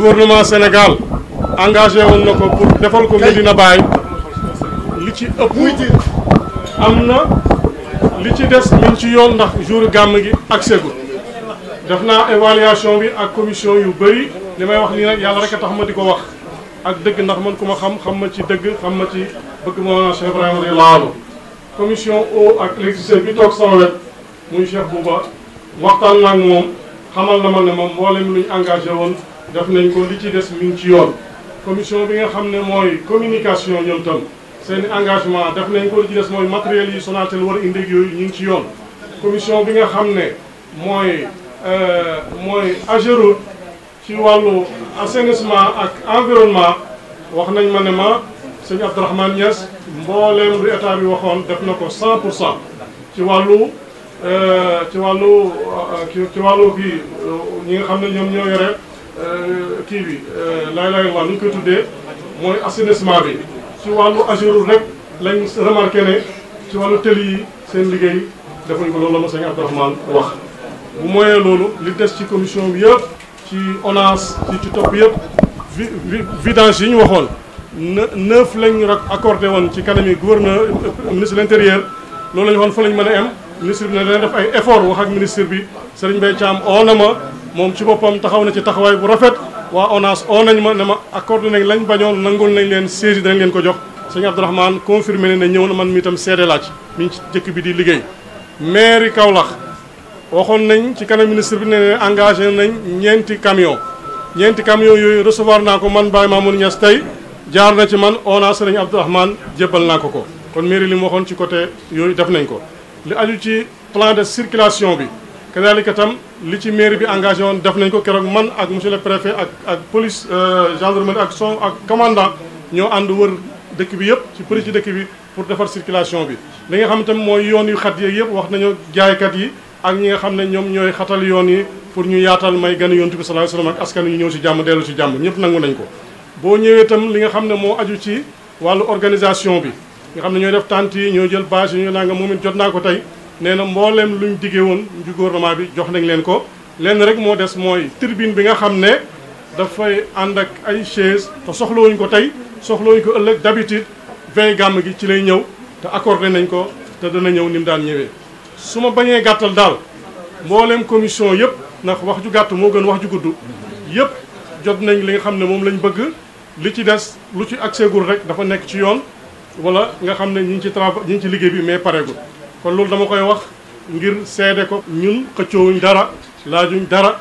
gouvernement Sénégal engagé woon na ko pour defal ko Medina Baye li ci ëpp am na li ci des ñu ci yoon ndax jour gàmm gi ak segu def naa évaluation bi ak commission yu bëri li may wax lii nag yàlla rek a tax ma di ko wax ak dëgg ndax man ku ma xam xam ma ci dëgg xam ma ci bëgg ma Cheikh Ibrahima di laalu commission eau ak électricité bi toog sama wet muy Cheikh Bouba waxtaan naa ak moom xamal na ma ne moom mboolem lu ñu engagé woon def nañ ko li ci des mi ci yoon commission bi nga xam ne mooy communication ñoom tam seen engagement def nañ ko li ci des mooy matériel yi Sonatel war a indi yooyu ñu ci yoon commission bi nga xam ne mooy euh, mooy AGEROUTE ci wàllu assainissement ak environnement wax nañ ma ne ma sëñ Abdourahmane Niass mbooleem lu état bi waxoon def na ko 100 pour cent ci wàllu euh, ci wàllu euh, ci wàllu bi ñi nga xam ne ñoom ñoo yore Euh, kii bi laay euh, laay waa nu ñu koy tuddee mooy assainissement bi ci wàllu Ageroute rek lañ remarqué ne ci wàllu tëli yi seen liggéey defuñ ko loolu la ma sëñ Abdourahmane wax bu moyee loolu li des ci commission bi yëpp ci ONAS ci ci topp yëpp vidange yi ñu waxoon neuf lañ rek accordé woon ci kanami gouverneur euh, ministre de l'intérieur loolu la ñu waxoon fa lañ mën a am ministre bi ne dana def ay effort wax ak ministre bi Serigne Mbaye Thiam oo na ma moom ci boppam taxaw na ci taxawaay bu rafet waa ONAS oo nañ ma ne ma accordé nañ lañ bañoo nangul nañ leen saisi danañ leen ko jox sëñ Abdourahmane confirmé ne ne ñëw na man mi itam seede laaj mi ngi ci jëkk bi di liggéey mairie Kaolack waxoon nañ ci kanam ministre bi ne engagé nañ ñeenti camion ñeenti camion yooyu recevoir naa ko man baay Baye Mamoun Niass tey jaar na ci man ONAS sëñ Abdourahmane jébbal naa ko ko kon mairie li mu waxoon ci côté yooyu def nañ ko li ci plan de circulation bi kadalika tam li ci mairie bi engagé def nañ ko keroog man ak monsieur le préfet ak ak police euh, gendarmerie ak son ak commandant ñoo ànd wër dëkk bi yëpp ci përi ci dëkk bi pour defar circulation bi li nga xam tam mooy yoon yu xat yeeg yëpp wax nañu jaaykat yi ak ñi nga xam ne ñoom ñooy xatal yoon yi pour ñu yaatal may gan a yontu bi sallallahu alayhi wasallam ñu ñëw si jàmm dellu si jàmm ñëpp nangu nañ ko boo ñëwee itam li nga xam ne moo aju ci wàllu organisation bi nga xam ne ñooy def tente yi ñooy jël bâche yi ñooy nanga moom it jot naa ko tey nee na mbooleem ñu diggee woon ci gouvernement bi jox nañ leen ko lenn rek moo des mooy tribune bi nga xam ne dafay ànd ak ay chaise te soxlawuñ ko tey soxlawuñ ko ëllëg d'habitude vingt gàmm gi ci lay ñëw te accordé nañ ko te dana ñëw ni mu daan ñëwee su ma bañee gàttal daal mbooleem commission yëpp ndax wax ju gàtt moo gën wax ju gudd yëpp jot nañ li nga xam ne moom lañ bëgg li ci des lu ci accès gul rek dafa nekk ci yoon wala nga xam ne ñi ngi ci travail ñi ngi ci liggéey bi mais pareegul kon loolu dama koy wax ngir seede ko ñun xëccoowuñ dara laajuñ dara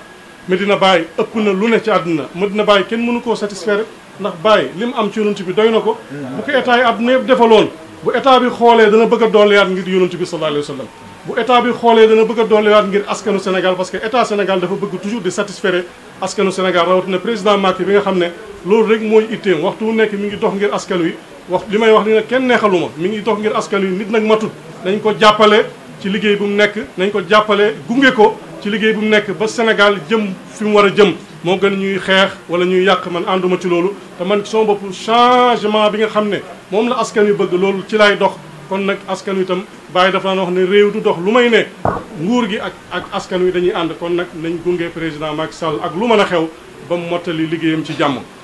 Medina Baye ëpp na lu ne ci àdduna Medina Baye kenn mënu koo satisfaire ndax Baye li mu am ci yonent bi doy na ko bu ko état yi àdduna yëpp defaloon bu état bi xoolee dana bëgg a ngir yonent bi sallallahu alayhi wa sallam bu état bi xoolee dana bëgg a dolliwaat ngir askanu Sénégal parce que état Sénégal dafa bëgg toujours di satisfaire askanu Sénégal rawatina président Macky bi nga xam ne loolu rek mooy itteem waxtu wu nekk mi ngi dox ngir askan wi wax li may wax ni nag kenn neexaluma mi ngi dox ngir askan wi nit nag matut nañ ko jàppale ci liggéey bu mu nekk nañ ko jàppale gunge ko ci liggéey bu mu nekk ba Sénégal jëm fi mu war a jëm moo gën ñuy xeex wala ñuy yàq man ànduma ci loolu te man sama bopp changement bi nga xam ne moom la askan wi bëgg loolu ci lay dox kon nag askan wi tam bàyyi dafa naan wax ne réew du dox lu may ne nguur gi ak ak askan wi dañuy ànd kon nag nañ gunge président Macky Sall ak lu mën a xew ba mu mottali liggéeyam ci jàmm